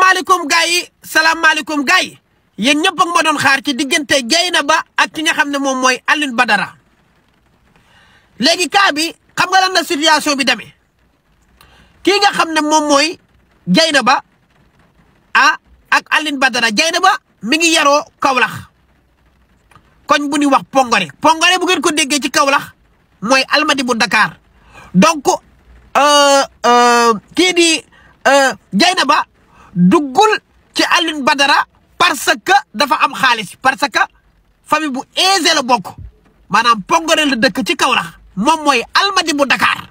maaleykum gars yi salaamaaleykum gars yi yéen ñëpp ak ma doon xaar ci diggante jayna ba ak ki nga xam ne moom mooy Alioune Badara léegi cas xam nga lan la bi demee ki nga xam ne moom mooy Dieynaba ah ak Alioune Badara ba mi ngi yaroo kawlax koñ bu ñuy wax Pongore Pongore bu ngeen ko déggee ci kawlax mooy Almadi bu Dakar donc euh, euh, kii di Dieynaba euh, duggul ci Alioune Badara parce dafa am xaalis parce que famille bu aisée la bokk maanaam pongoreel la dëkk ci Kaolack moom mooy almadi bu Dakar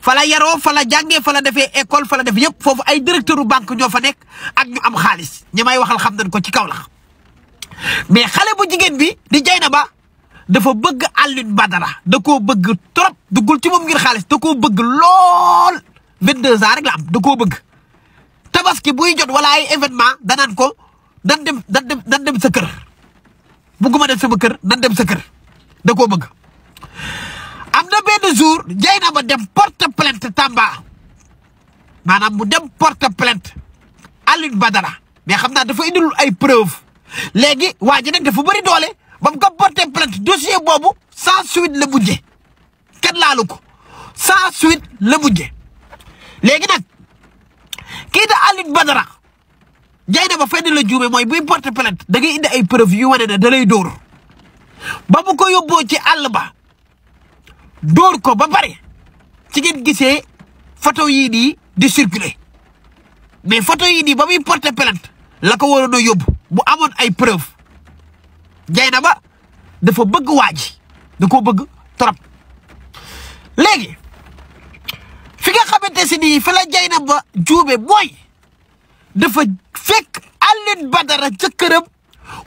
fa la yaroo fala la jàngee fa la defee école fa la def yëpp foofu ay directeur u ñoo fa nekk ak ñu am xaalis ñi may waxal xam nañ ko ci Kaolack mais xale bu jigéen bi di ba dafa bëgg Alioune Badara da koo bëgg trop duggul ci moom ngir xaalis da koo bëgg lool 22 ans rek la am da koo bëgg. tabaski buy jot wala ay événement danaan ko nan dem nan dem nan dem sa kër bugguma dem sama kër nan dem sa kër da koo bëgg am na benn jour jay na ba dem porte plainte Tamba maanaam bu dem porte plainte Alioune Badara mais xam naa dafa indil ay preuve léegi waa ji nag dafa bëri doole ba mu ko porté plainte boobu sans suite la mujje kenn laalu ko sans suite la mujje léegi nag kii da Alioune Badara jay ba fenn la juume mooy buy porte plainte da indi ay preuve yu wane ne da door ba mu ko yóbboo ci àll ba dóor ko ba pare ci ngeen gisee photo yii nii di circuler mais foto yii nii ba muy porte plainte la ko waroon a yóbbu bu amoon ay preuve jay na ba dafa bëgg waa ji da koo bëgg trop léegi xamante si nii fi la Dieyna ba juube mooy dafa fekk Alioune Badara jëkkëram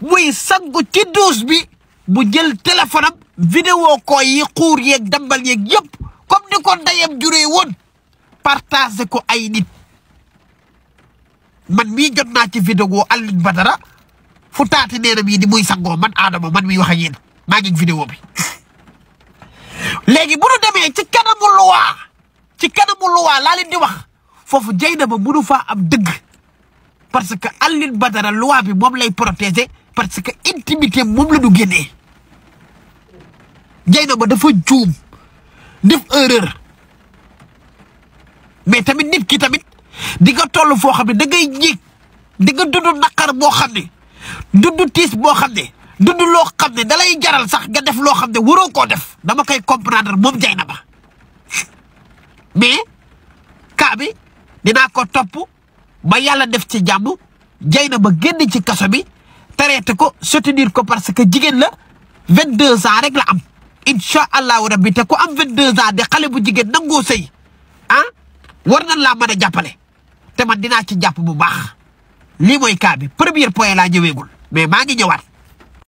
muy sangu ci douche bi mu jël téléphone am vidéo yi xuur yeeg dambal yeeg yëpp comme ni ko ndeyam juree woon partagé ko ay nit man mii jot naa ci vidéo Alioune Badara fu taati neenam yi di muy sangoo man Adama man miy wax ak yéen maa ngi vidéo bi léegi bu nu demee ci kanamu loi ci kanamu luwaa laa leen di wax foofu jayda ba mënu faa am dëgg parce que Alioune Badara luwaa bi moom lay protéger parce que intimité moom la du génnee jayda ba dafa juum def erreur mais tamit nit ki tamit di nga toll foo xam ne da ngay yéeg di nga dund naqar boo xam ne dund tiis boo xam ne dund loo xam ne da lay jaral sax nga def loo xam ne waroo koo def dama koy comprendre moom jay na ba mais kaa bi dinaa ko topp ba yàlla def ci jàmm jay na ba génn ci kaso bi traité ko soutenir ko parce que jigéen la 22 ans rek la am incha allahu rabbi te ko am 22 ans de xale bu jigéen nangoo sëy ah war na laa mën a jàppale te man dinaa ci jàpp bu baax lii mooy kaa bi premier point laa ñëweegul mais maa ngi ñëwaat.